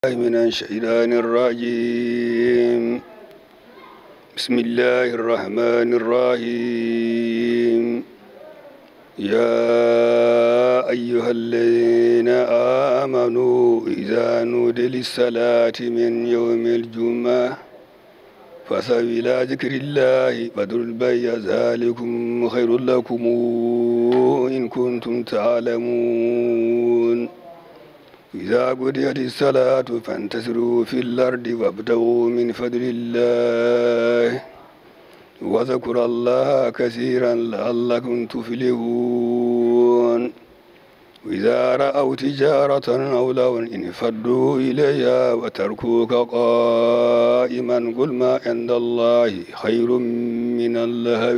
من الشيطان الرجيم بسم الله الرحمن الرحيم يا أيها الذين آمنوا إذا نودي للصلاة من يوم الجمعة فسعوا إلى ذكر الله فذروا البيع ذلكم خير لكم إن كنتم تعلمون إذا قضيت الصلاة فانتسروا في الأرض وابتغوا من فضل الله وذكر الله كثيرا لعلكم تفلحون وإذا رأوا تجارة أو لون انفضوا إليها وتركوك قائما قل ما عند الله خير من اللهو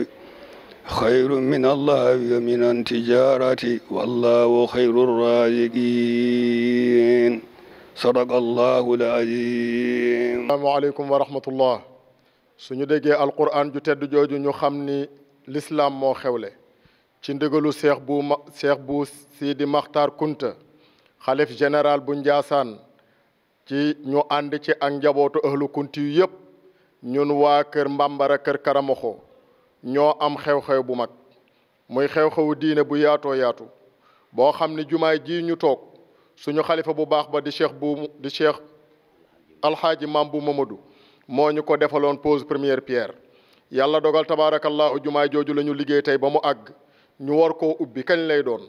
خير من الله ومن التجارة والله خير الرازقين صدق الله العظيم السلام عليكم ورحمة الله suñu déggee alquran ju tedd jooju ñu xam ni lislaam moo xewle ci ndigalu seex bu ma seex bu Sidi Maxtaar Kunta xalif général bu Njaasaan ci ñu ànd ci ak njabootu ahlu kunti yu yëpp ñun waa kër Mbambara kër Karamoxo ñoo am xew-xew bu mag muy xew-xewu diine bu yaatoo yaatu boo xam ne jumaay ji ñu toog suñu xalifa bu baax ba di cheikh bu di cheikh alxaaji maam bu mamadou moo ñu ko defaloon pose première pierre yàlla dogal tabaarakallaahu jumaay jooju la ñu liggéey tey ba mu àgg ñu war ko ubbi kañ lay doon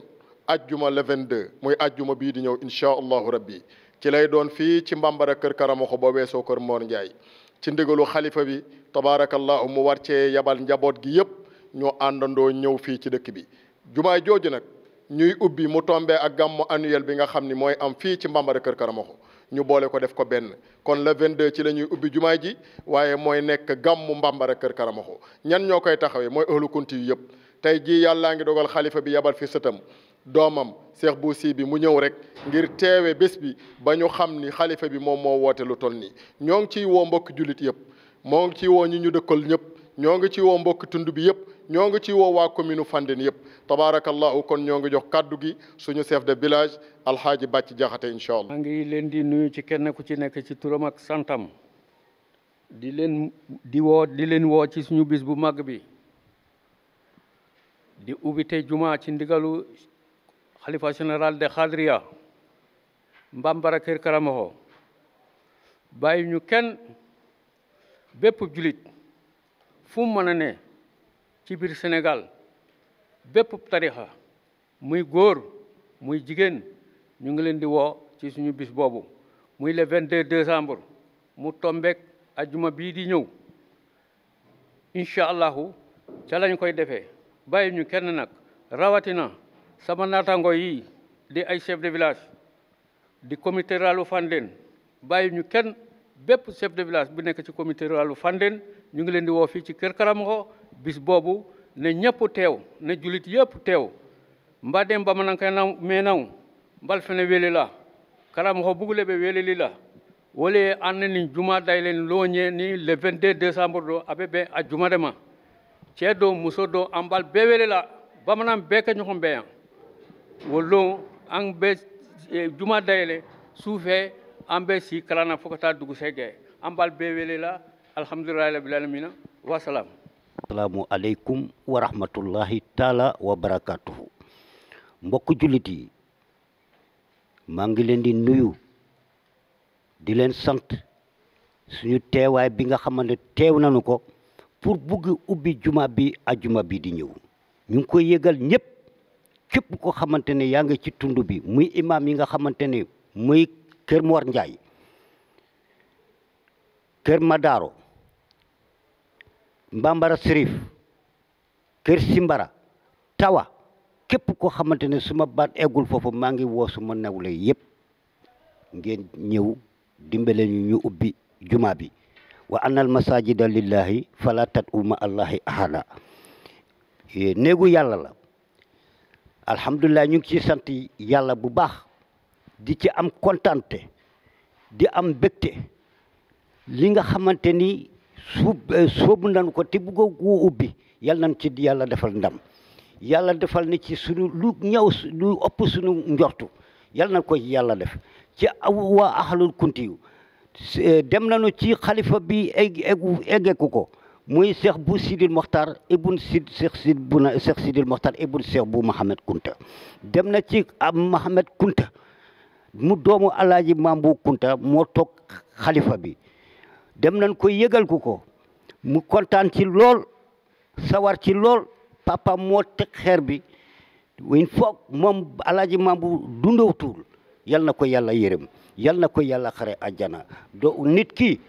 ajjuma le 22 muy ajjuma bii di ñëw incha allahu rabbi ci lay doon fii ci mbambara kër Karamoxo ba weesoo kër Mor Ndiaye ci ndigalu xalifa bi tabaarakallahu mu war cee yabal njaboot gi yëpp ñoo àndandoo ñëw fii ci dëkk bi jumaay jooju nag ñuy ubbi mu tombe ak gàmmu annuel bi nga xam ni mooy am fii ci Mbambara Kër Karamakho ñu boole ko def ko benn kon le 22 ci la ñuy ubbi jumaay ji waaye mooy nekk gàmmu Mbambara Kër Karamakho ñan ñoo koy taxawee mooy ëhlu kunti yu yëpp tey jii yàllaa ngi dogal xalifa bi yabal fi sëtam doomam Cheikh bu Sy bi mu ñëw rek ngir teewe bés bi ba ñu xam ni xalifa bi moom moo woote lu toll nii ñoo ngi ciy woo mbokki jullit yëpp moo ngi ciy woo ñu ñu dëkkal ñëpp ñoo ngi ci woo mbokki tund bi yëpp ñoo ngi ci woo waa commune Fandène yëpp tabaarakallahu kon ñoo ngi jox kàddu gi suñu chef de billage alxaaji bàcc jaxate incha allah maa ngi leen di nuyu ci kenn ku ci nekk ci turam ak santam di leen di woo di leen woo ci suñu bis bu mag bi di ubbite juma ci ndigalu xalifa général de xadriya mbambara kër karamaxo bàyyi ñu kenn bépp julit fu mu mën a ne ci biir Sénégal bépp tarixa muy góor muy jigéen ñu ngi leen di woo ci suñu bis boobu muy le 22 décembre mu tombeek ajuma bii di ñëw incha allahu ca lañu koy defee bàyyi ñu kenn nag rawatina sama naataango yi di ay chef de village di comité ruralu Fandène bàyyi ñu kenn bépp chef de village bu nekk ci comité ruralu Fandène ñu ngi leen di woo fii ci Kër Karamoxo bis boobu ne ñëpp teew ne julit yëpp teew mbadem ba ma nanka naw me naw mbal fene wele la Karamoxo bugule ɓe weleli la wole anne ni juma day len loñe ni le 22 décembre ɗo aɓe ɓe a juma de ma cɛɛ don muso don an bali bɛɛ welela bamanan bɛɛ kɛ ang bɛɛ yan e, juma dayɛlɛ sufɛ ambe si kalana na fɔɔ Alhamdulillah, taa dugusɛ gɛ alhamdulillah bali bɛɛ welela alhamdulilahi rabilalamina assalamu wa rahmatullahi taala wa barakatuhu mbokk jullit yi ngi di nuyu di len sante suñu teway bi nga xamantene teew nañu ko pour bugg ubbi juma bi ajuma bi di ñëw ñu ngi koy yëgal ñëpp képp ko xamante ne yaa ngi ci tund bi muy imam yi nga xamante ne muy kër Mor kër madaaro Mbambara Sérif kër Simbara Tawa képp ko xamante ne suma baat egul foofu maa ngi woo suma nawle yépp ngeen ñëw dimbale ñu ñu ubbi jumaa bi wa anna al masajida lillahi fala tad'u ma allahi ahada eh, néegu yàlla la alhamdulilah ñu ngi ciy sant yàlla bu baax di ci am kontante di am bégte li nga xamante ni suub eh, soobu nañ ko te bugg ko ubbi yàlla nañ ci yàlla defal ndam yàlla defal ni ci sunu lu ñëw lu ëpp sunu njortu yàlla nañ ko yàlla def ci waa axalul kunti Eh, dem nañu ci xalifa bi egg eggeku ko muy seex bu sidil moxtar ibn bu na seex sidil moxtar ibn seex bu Mohamed Kunta dem na ci ab Mohamed Kunta mu doomu alaaji Mambu Kunta moo toog xalifa bi dem nañ ko yëgal ku ko mu kontaan ci lool sawar ci lool papa moo teg xeer bi il faut moom alaaji Mambu dundawtul yal na ko yàlla yërëm yal na ko yàlla xare àjjana do nit ki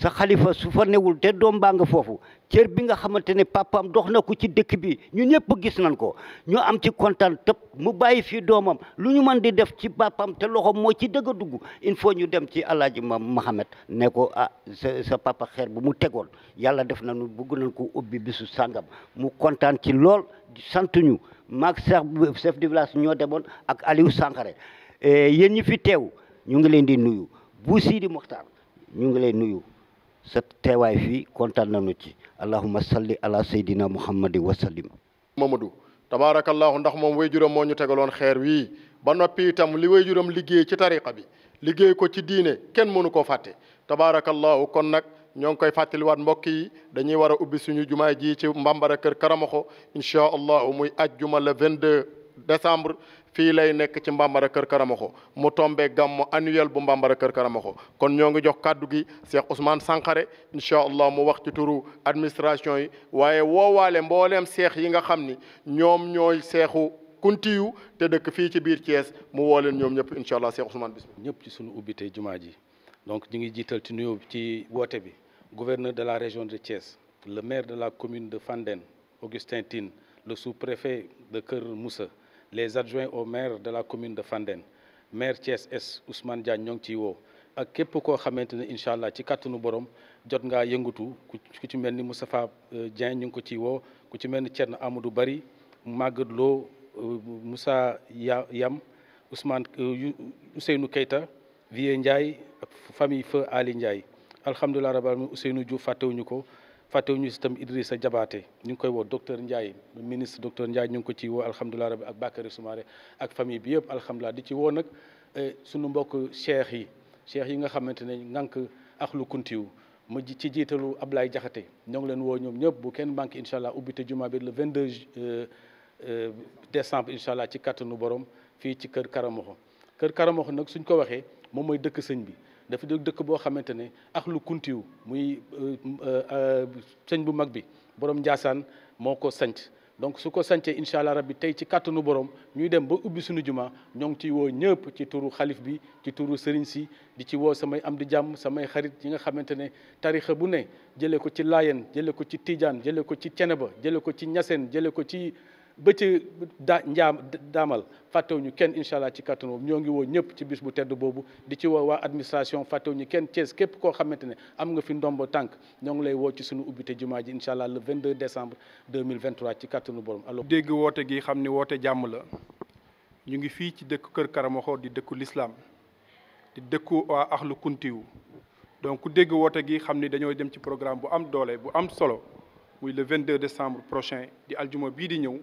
sa xalifa su fa newul te doom baa nga foofu cër bi nga xamante ne papaam dox na ko ci dëkk bi ñu ñëpp gis nañ ko ñu am ci kontaan tëb mu bàyyi fii doomam lu ñu mën di def ci papaam te loxoom moo ci dëgg a dugg il faut ñu dem ci alaaji ma Mahamed ne ko ah sa sa papa xeer bu mu tegoon yàlla def nañu bëgg nañ ko ubbi bisu sàngam mu kontaan ci lool santu ñu maag chef chef de village ñoo demoon ak Aliou Sankare Eh, yéen ñi fi teew ñu ngi leen di nuyu bu Sidi Mokhtar ñu ngi leen nuyu sa teewaay fii kontaan nañu ci allahumma salli ala sayyidina muhammadin wa sallim mamadou tabarakallahu ndax moom wayjuram moo ñu tegaloon xeer wii ba noppi itam li wayjuram liggéey ci tariqa bi liggéey ko ci diine kenn mënu koo fàtte tabarakallahu kon nag ñoo ngi koy fàttaliwaat mbokk yi dañuy war a ubbi suñu jumaa ji ci mbambara kër Karamoxo incha allahu muy ajjuma le 22 décembre fii lay nekk ci Mbambara Kër Karamakho mu tombé gàmmu annuel bu Mbambara Kër Karamakho kon ñoo ngi jox kàddu gi Cheikh Ousmane Sankharé incha mu turu administration yi waaye woowaale mbooleem seex yi nga xam ni ñoom ñooy seexu kuntiyu te dëkk fii ci biir Thiès mu woo leen ñoom ñëpp Cheikh Ousmane bismillah ñëpp ci donc ñu ngi jiital ci nuyoo ci woote bi gouverneur de la région de Thiès le maire de la commune de Fandène Augustin Tine le sous-préfet de Kër Moussa les adjoints au maire de la commune de Fanden, maire Thiès S. Ousmane Diagne Nyong ngi ciy woo ak képp koo xamante ne incha allah ci kàttanu borom jot ku euh, Bari euh, Moussa Yam Ousmane euh, Ousseynou Keita Vieux Ndiaye famille feu Ali Ndiaye alhamdulilah rabbil Ousseynou Diouf fàttewuñu si itam Idrissa Diabaté ñu ngi koy woo docteur Ndiaye ministre docteur Ndiaye ñu ngi ko ci woo alhamdulilah rabbi ak Bakary Soumaré ak famille bi yëpp alhamdulilah di ci woo nag eh, suñu mbokk cheikh yi cheikh yi nga xamante ne ngànk axlu kuntiwu mu ci jiitalu Ablaye Jaxate ñoo ngi leen woo ñoom ñëpp bu kenn manqué incha allah ubbite juma bi le 22 eh, eh, décembre incha allah ci kattanu borom fii ci kër Karamoxo kër Karamoxo nag suñ ko waxee moom mooy dëkk sëñ bi dafa di dëkk boo xamante ne ak lu kuntiw muy euh, euh, sëñ bu mag bi borom Ndiassane moo ko sanc donc su ko sancee incha allah bi tey ci kàttanu borom ñuy dem ba ubbi suñu jumaa ñoo ngi ciy woo ñëpp ci turu xalif bi ci turu sëriñ si di ci woo samay am di jàmm samay xarit yi nga xamante ne tarixa bu ne jëlee ko ci Laayeen jëlee ko ci Tidiane jëlee ko ci Ceneba jëlee ko ci Ñaseen jëlee ko ci ba ci da njaam daamal fàttewu ñu kenn incha allah ci kattanu ñoo ngi woo ñëpp ci bis bu tedd boobu di ci woo waa administration fàttewu ñu kenn Thiès képp koo xamante ne am nga fi ndombo tànk ñoo ngi lay woo ci suñu ubbite jumaa ji incha allah le 22 décembre 2023 ci kattanu borom alors dégg woote gi xam ni woote jàmm la ñu ngi fii ci dëkk kër Karamoxo di dëkku lislaam di dëkku waa axlu kuntiwu donc ku dégg woote gi xam ni dañoo dem ci programme bu am doole bu am solo muy le 22 décembre prochain di aljuma bii di ñëw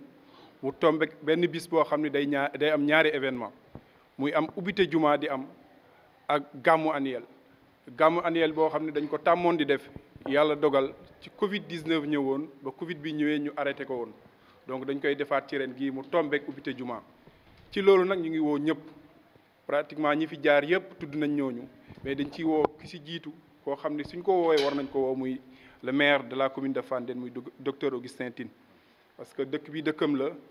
mu tombe benn bis boo xam ne day ñaar day am ñaari événement muy am ubbite jumaa di am ak gàmmu annuel gàmmu annuel boo xam ne dañ ko tàmmoon di def yàlla dogal ci Covid 19 ñëwoon ba Covid bi ñëwee ñu arrêté ko woon donc dañ koy defaat ci ren gii mu tombeek ubbite jumaa ci loolu nag ñu ngi woo ñëpp pratiquement ñi fi jaar yëpp tudd nañ ñooñu mais dañ ci woo ki si jiitu koo xam ne suñ ko woowee war nañ ko woo muy le maire de la commune de Fandène muy docteur Augustin Tine parce que dëkk bi dëkkam la.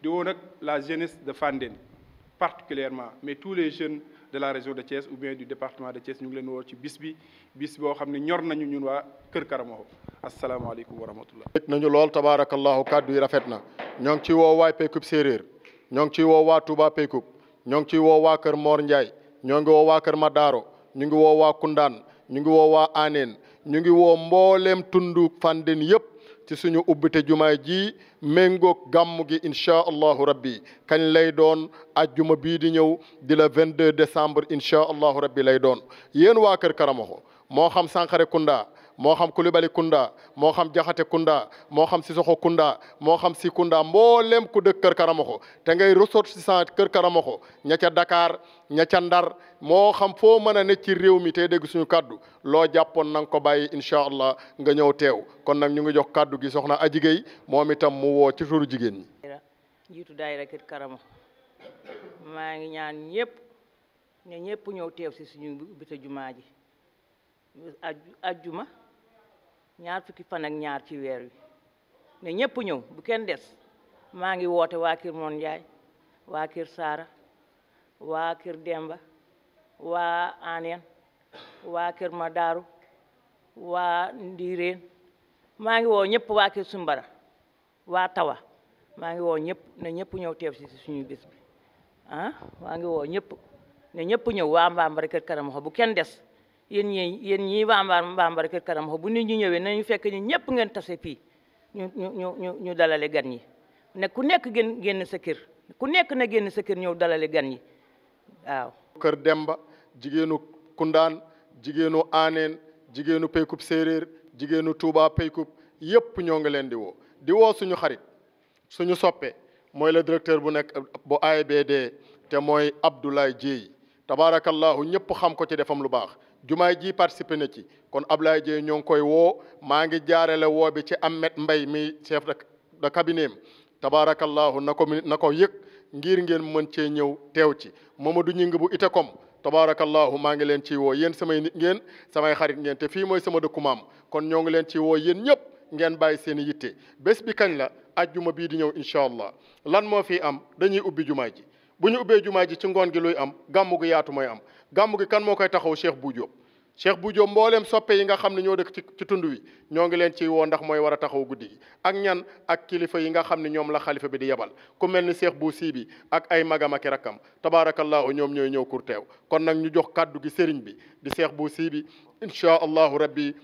di woo nag la jeunesse de Fanden particulièrement mais tous les jeunes de la région de Thiès ou bien du département de Thiès ñu ngi leen woo ci bis bi bis boo xam ne ñor nañu ñun waa Kër Karamoxo asalaamaaleykum wa rahmatullah nañu lool tabarakallahu kàddu yi rafet na ñoo ngi ciy woo waa Peykub Séeréer ñoo ngi ciy woo waa Touba Peykub ñoo ngi ciy woo Kër Mor Ndiaye ñoo ngi woo Kër Madaro ñu ngi woo waa Koundaan ñu ngi woo waa Aneen ñu ngi woo mbooleem tundu fanden yëpp ci suñu ubbite jumaa ji méngoog gàmm gi inchaa allahu rabbi kañ lay doon ajuma bii di ñëw di la 22 décembre inchaa allahu rabbi lay doon yéen waa kër Karamoxo moo xam Sankhare Kunda moo xam Kulibali Kunda moo xam Jaxate Kunda moo xam Sissoko Kunda moo xam si Kunda mboolem ku dëkk Kër Karamoxo te ngay sant Kër Karamoxo ña ca Dakar ña ca Ndar moo xam foo mën a ne ci réew mi tey dégg suñu kàddu loo jàppoon na ko bàyyi incha allah nga ñëw teew kon nag ñu ngi jox kàddu gi soxna Adji Gueye moom itam mu woo ci turu jigéen ñi. jiitu daayira Kër maa ngi ñaan ñëpp ñëpp ñëw teew si suñu bisu jumaa ji ajjuma ñaar fukki fan ak ñaar ci weer wi ne ñëpp ñëw bu kenn des maa ngi woote waa kër Moon Njaay waa kër Saara waa kër Demba waa Aneen waa kër Madaaru waa Ndiireen maa ngi woo ñëpp waa kër Sumbara waa Tawa maa ngi woo ñëpp ne ñëpp ñëw teew si suñu bis bi ah maa ngi woo ñëpp ne ñëpp ñëw waa Mbambara kër Karam bu kenn des yéen ñii yéen ñii bambar bambar kër kanam bu nit ñi ñëwee nañu fekk ni ñëpp ngeen tase fii ñu ñu ñu dalale gan ñi ne ku nekk génn génn sa ku nekk na génn sa ñëw dalale gan ñi waaw. kër Demba jigéenu Kundaan jigéenu Aaneen jigéenu Peykub Séeréer jigéenu Touba Peykub yëpp ñoo ngi leen di woo di woo suñu xarit suñu soppee mooy la directeur bu nekk bu AIBD e te mooy Abdoulaye Dieye tabaarakallahu ñëpp xam ko ci defam lu baax. jumaay ji participé na ci kon Ablaye Dieye ñoo ngi koy woo maa ngi jaarale woo bi ci Ahmed mbay mi chef de cabinet tabaarakallahu na ko na ko yëg ngir ngeen mën cee ñëw teew ci Mamadou Ñing bu Itacom tabaarakallahu maa ngi leen ci woo yéen samay nit ngeen samay xarit ngeen te fii mooy sama dëkku maam kon ñoo ngi leen ci woo yéen ñëpp ngeen bàyyi seen i yitte bés bi kañ la ajjuma bii di ñëw incha allah lan moo fi am dañuy ubbi jumaa ji bu ñu ubbee jumaa ji ci ngoon gi luy am gàmmu gu yaatu mooy am gàmmu gi kan moo koy taxaw Cheikh bu Diop Cheikh bu Diop mbooleem soppe yi nga xam ne ñoo dëkk ci ci tund wi ñoo ngi leen ci woo ndax mooy war a taxaw guddi ak ñan ak kilifa yi nga xam ne ñoom la xalifa bi di yebal ku mel ni Cheikh Bou Sibi ak ay magam ak i rakkam tabaarakallaahu ñoom ñooy ñëw kur teew kon nag ñu jox kàddu gi sëriñ bi di Cheikh bu Sibi incha allahu rabbi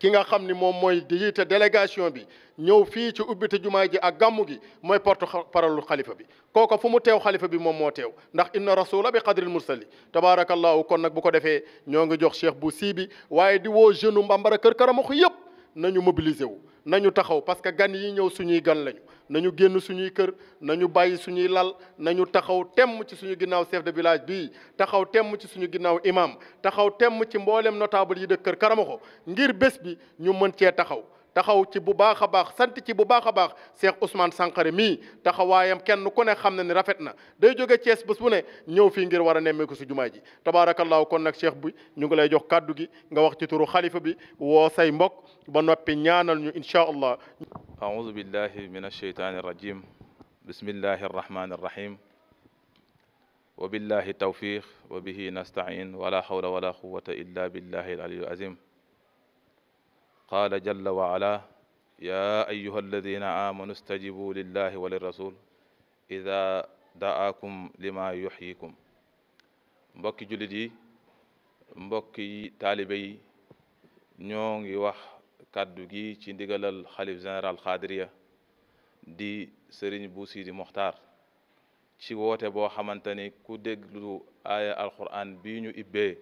ki nga xam ni moom mooy di yiite délégation bi ñëw fii ci ubbite jumaa ji ak gàmmu gi mooy porte parole xalifa bi kooko fu mu teew xalifa bi moom moo teew ndax inna rasula bi qadril mursali tabarakallahu kon nag bu ko defee ñoo ngi jox cheikh bu sii bi waaye di woo jeune u mbambara kër karamoxo yëpp nañu mobiliser wu nañu taxaw parce que gan yi ñëw suñuy gan lañu nañu génn suñuy kër nañu bàyyi suñuy lal nañu taxaw temm ci suñu ginnaaw chef de village bi taxaw temm ci suñu ginnaaw imam taxaw temm ci mboolem notable yi dëkk Kër Karamakho ngir bés bi ñu mën cee taxaw taxaw ci bu baax a baax sant ci bu baax a baax Cheikh Ousmane Sankharé mii taxawaayam kenn ku ne xam na ni rafet na day jóge Thiès bés bu ne ñëw fii ngir war a nemmeeku si jumaa ji tabaarakallaahu kon nag cheikh bi ñu ngi lay jox kàddu gi nga wax ci turu xalifa bi woo say mbokk ba noppi ñaanal ñu inchaa allah aoudu billahi min alsheytaani arrajim bismillahi arrahmani arrahim wa billahi tawfiq wa bihi nastain wala hawla wala quwata illa billahi alaliyu azim qaala jalla wa ala yaa ayyuha alladina amanu stajibu lillahi wa lirrasul ida daakum lima yuxyikum mbokki jullit yi mbokki taalibe yi ñoo ngi wax kàddu gi ci ndigalal xalif général xaadiriya di sëriñ bu sidi moxtaar ci woote boo xamante ni ku déglu aaya alquran bi ñu ibbee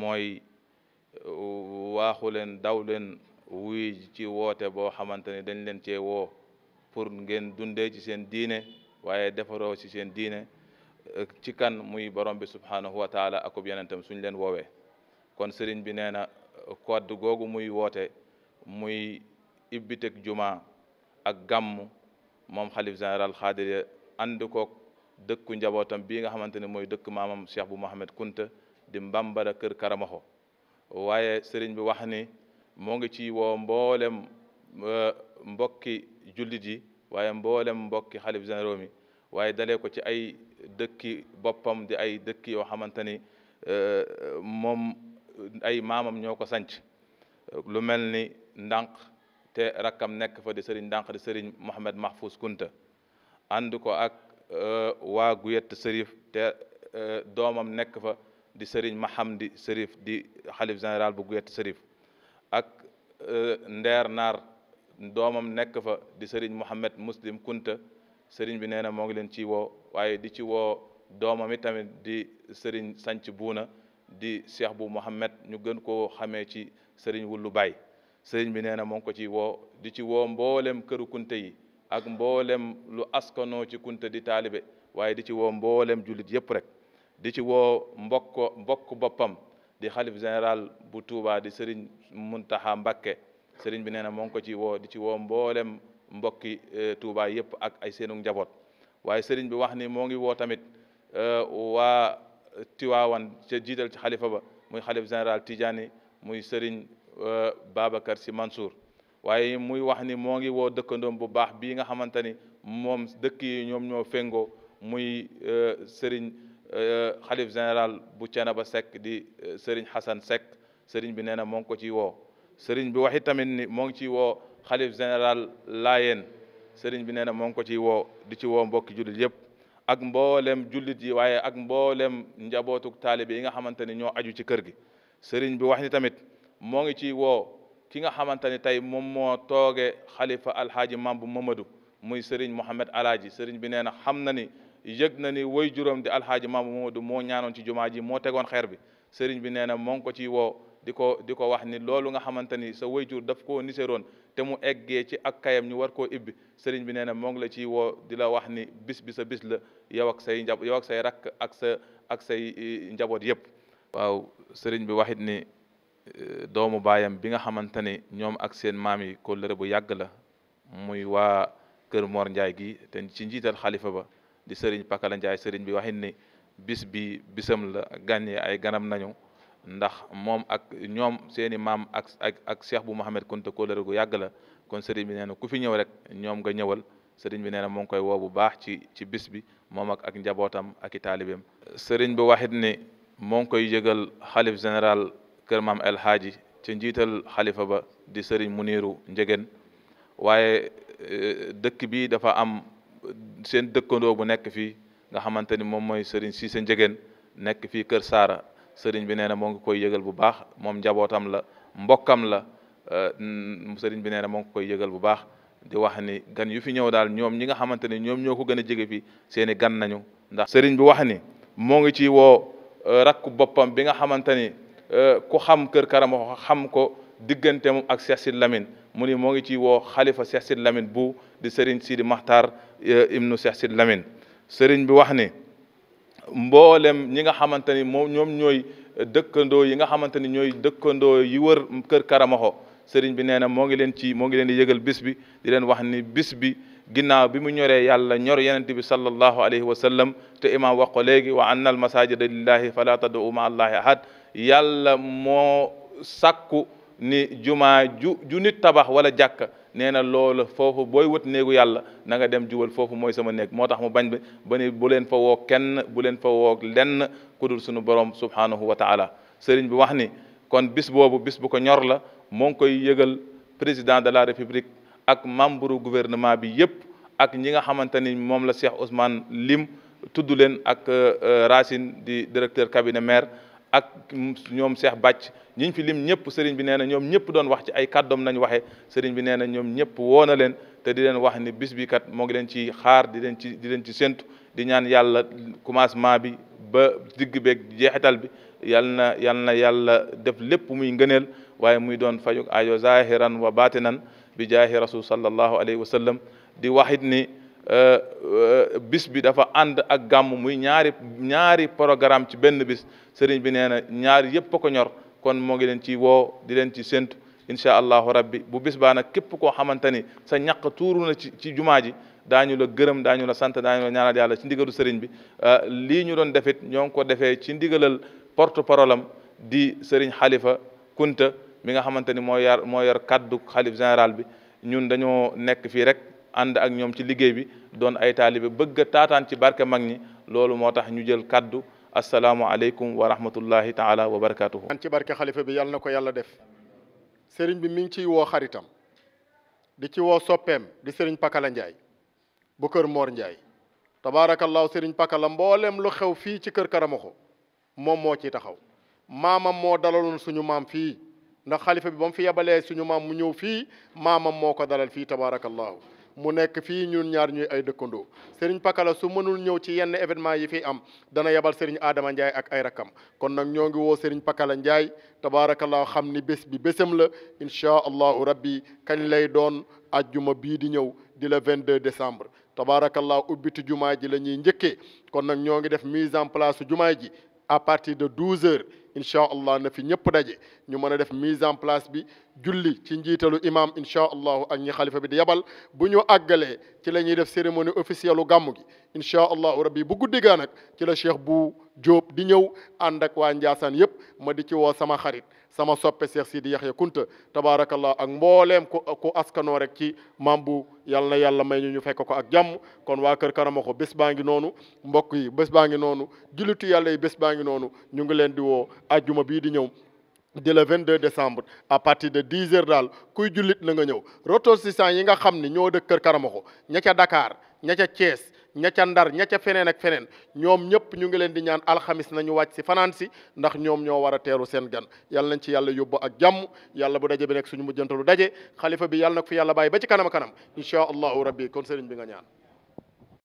mooy waaxu leen daw leen wuy ci woote boo xamante ne dañ leen cee woo pour ngeen dundee ci seen diine waaye defaroo ci seen diine euh, ci kan muy borom bi subhanahu wa taala akub yonentam suñ leen woowee kon sëriñ bi nee na kodd googu muy woote muy ibbiteg juma ak gàmm moom xalif général xaadir ànd koog dëkku njabootam bii nga xamante ne mooy dëkk maamam cheikh bu mohamed kunta di mbambara kër karamaxo waaye sëriñ bi wax ni moo ngi ci woo mboolem euh, mbokki jullit yi waaye mboolem mbokki xalif généraux mi waaye dale ko ci ay dëkki boppam di ay dëkk yoo xamante ni euh, moom ay maamam ñoo ko sanc lu mel ni ndànk te rakkam nekk fa di sëriñ ndànk di sëriñ Mohamed Mahfouz Kunta ànd ko ak euh, waa Guyette Sërif te doomam nekk fa di sëriñ di Sërif di xalif général bu Guyet Sërif ak euh, Ndeer Naar doomam nekk fa di sëriñ Mouhamed Muslim Kunta sëriñ bi nee na moo ngi leen ci woo waaye di ci woo doomam it tamit di sëriñ Sanc Buuna di Cheikh bu Mouhamed ñu gën koo xamee ci sëriñ Wulu Baay sëriñ bi nee na moo ko ci woo di ci woo mboolem këru kunte yi ak mboolem lu askanoo ci kunte di taalibe waaye di ci woo mboolem jullit yépp rek di ci woo mbokk mbokk boppam di xalif général bu Touba di Serigne Muntaxa Mbakke Serigne bi nee na moo ngi ko ci woo di ci woo mboolem mbokki e, Touba yëpp ak ay seenu njaboot waaye Serigne bi wax ni moo ngi woo tamit e, waa Tiwaawan ca jiital ci xalifa ba muy xalif général Tidjani muy Serigne e, Babacar Sy Mansour waaye muy wax ni moo ngi woo dëkkandoom bu baax bii nga xamante ni moom dëkk yi ñoom ñoo féngoo muy Serigne. Euh, xalif général bu Thiénaba Seck di euh, Serigne Hassan Seck Serigne bi nee na moo ngi ko ciy woo Serigne bi wax it tamit ni moo ngi ciy woo xalif général Layeen Serigne bi nee na moo ngi ko ciy woo di ci woo mbokki jullit yëpp ak mboolem jullit yi waaye ak mboolem njabootu taalibe yi nga xamante ni ñoo aju ci kër gi Serigne bi wax ni tamit moo ngi ciy woo ki nga xamante ni tey moom moo tooge xalifa alhaaji Mambu Mamadou muy Serigne Mohamed Alaaji Serigne bi nee na xam na ni yëg na ni way juróom di alxaaji maamu Mamadu moo ñaanoon ci jumaa ji moo tegoon xeer bi sëriñ bi nee na moo ngi ko ciy woo di ko di ko wax ni loolu nga xamante ni sa jur daf koo niseroon te mu eggee ci ak kayam ñu war koo ibbi sëriñ bi nee na moo ngi la ciy woo di la wax ni bis bi sa bis la yow ak say njab yow ak say rakk ak sa ak say e, njaboot yëpp waaw sëriñ bi waxit ni e, doomu baayam bi nga xamante ni ñoom ak seen maam yi kóllëre bu yàgg la muy waa kër Mor Njaay gi te ci njiital xalifa ba di sëriñ Pakala Ndiaye sëriñ bi waxin ni bis bi bisam la gan gàññee ay ganam nañu ndax moom ak ñoom seeni maam ak ak ak Cheikh bu Mouhamed Kounta kóllëre gu yàgg la kon sëriñ bi nee na ku fi ñëw rek ñoom nga ñëwal sëriñ bi nee na mu ngi koy woo bu baax ci ci bis bi moom ak ak njabootam ak i taalibeem sëriñ bi waxit ni moo ngi koy yëgal xalif général kër maam El Hadji ci njiital xalifa ba di sëriñ Muniru Njegen waaye eh, dëkk bi dafa am seen dëkkandoo bu nekk fii nga xamante ni moom mooy Serigne Cissé Ndiéguène nekk fii Kër Saara Serigne bi nee na moo ngi koy yëgal bu baax moom njabootam la mbokkam la euh, Serigne bi nee na moo ngi koy yëgal bu baax di wax ni gan yu fi ñëw daal ñoom ñi nga xamante ni ñoom ñoo ko gën a jege fii seeni gan nañu ndax Serigne bi wax ni moo ngi ci woo euh, rakku boppam bi nga xamante ni euh, ku xam Kër Karama xam ko diggante moom ak Cheikh Sidy muni mo ngi ci wo khalifa Cheikh sid Lamine bu di sëriñ Sidi mahtar ibnu Cheikh sid Lamine sëriñ bi wax ni mbollem ñi nga xamanteni ni moom ñoom yi nga xamanteni ñoy dekkando yi wër kër Karamaxo sëriñ bi neena mo ngi len ci mo ngi len di yeggal bis bi di len wax ni bis bi ginaaw bi mu ñoré yàlla ñor yonent bi sallallahu alayhi wa sallam te imam wax ko wa anna masajida lillahi fala tad'u ma allahi ahad yàlla mo sàkku ni jumaa ju ju nit tabax wala jàkka nee na loola foofu booy wët néegu yàlla na nga dem juwal foofu mooy sama néeg moo tax mu bañ bi ba ni bu leen fa woo kenn bu leen fa woo lenn ku sunu borom subhanahu wa taala sëriñ bi wax ni kon bis boobu bis bu ko ñor la moo ngi koy yëgal président de la république ak membre gouvernement bi yépp ak ñi nga xamante ni moom la Cheikh Ousmane Lim tudd leen ak euh, Racine di directeur cabinet maire ak ñoom seex Bàcc ñiñ fi lim ñëpp sëriñ bi nee na ñoom ñëpp doon wax ci ay kàddoom nañ waxee seriñ bi nee na ñoom ñëpp woo na leen te di leen wax ni bis bi kat moo ngi leen ci xaar di leen ci di leen ci séntu di ñaan yàlla commencement bi ba digg beeg jeexital bi yal na yal na yàlla def lépp muy ngëneel waaye muy doon fajug ajo zahiran wa baatinan bi jaahi rasul sallallahu alayhi wa di waxit Euh, euh, bis bi dafa ànd ak gàmm muy ñaari ñaari programme ci benn bis sëriñ bi nee na ñaar yëpp a ko ñor kon moo ngi leen ci woo di leen ci séntu incha allahu rabbi bu bis baa nag képp koo xamante ni sa ñaq tuuru na ci ci jumaa ji daañu la gërëm daañu la sant daañu la ñaanal ci ndigalu sëriñ bi euh, lii ñu doon defit ñoo ngi ko defee ci ndigalal porte parole di sëriñ xalifa kunta mi nga xamante ni moo yar moo yor kaddu xalif général bi ñun dañoo nekk fii rek ànd ak ñom ci liggéey bi doon ay talibé bëgg taatan ci barke mag ñi loolu motax ñu jël kaddu assalamu alaykum wa rahmatullahi taala wa barakaatuhu. ci barke khalifa bi yàlla nako yàlla def sëriñ bi mi ngi ci wo xaritam di ci wo sopem di sëriñ Pakala Ndiaye bu kër Mor Ndiaye tabarakallah sëriñ Pakala mbollem lu xew fi ci kër karamako mom mo ci taxaw mamam mo dalalon suñu mam fi ndax khalifa bi bam fi yabalé suñu mam mu ñëw fi mamam moko dalal fi tabarakallah mu nekk fii ñun ñaar ñuy ay dëkkandoo Serigne Pakala su mënul ñëw ci yenn événement yi fi am dana yebal Serigne Adama Ndiaye ak ay am kon nag ñoo ngi woo Serigne Pakala Ndiaye tabaarakallaa xam ni bés bi bésam la incha allahu rabbi kañ lay doon ajuma bii di ñëw di le 22 décembre tabaarakallaa ubbiti jumaa ji la ñuy njëkkee kon nag ñoo ngi def mise en place jumaa ji à partir de 12 heures incha allah na fi ñëpp daje ñu mën a def mise en place bi julli ci njiitalu imam incha allahu ak ñi xalifa bi di yabal bu ñu àggalee ci la ñuy def cérémonie officielle gàmmu gi incha allahu rabbi bu guddi gaa nag ci la cheikh bu Diop di ñëw ànd ak waa Ndiassane yëpp ma di ci woo sama xarit sama soppe Cheikh Sidi Yaxya Kunta tabaarakallah ak mbooleem ku ku askanoo rek ci maam bu yàlla na yàlla may ñu ñu fekk ko ak jàmm kon waa Kër Karamoko bés baa ngi noonu mbokk yi bés baa ngi noonu jullitu yàlla yi bés baa ngi noonu ñu ngi leen di woo ajjuma bii di ñëw dès le 22 décembre à partir de 10 h dal kuy julit na nga ñëw ressortissants yi nga xamni ni ñoo dëkk Kër Karamoxo ca Dakar ña ca Thiès ña ca Ndar ña ca feneen ak fenen ñom ñëpp ñu ngi leen di ñaan alhamis nañu wacc ci fanaan si ndax ñom ñoo wara a teeru seen gan yalla nañ ci yalla yobbu ak jamm yalla bu daje bi nek suñu mujjantalu daje khalifa bi yalla nak fi yàlla ba ci kanam kanam incha rabbi kon sëriñ bi nga ñaan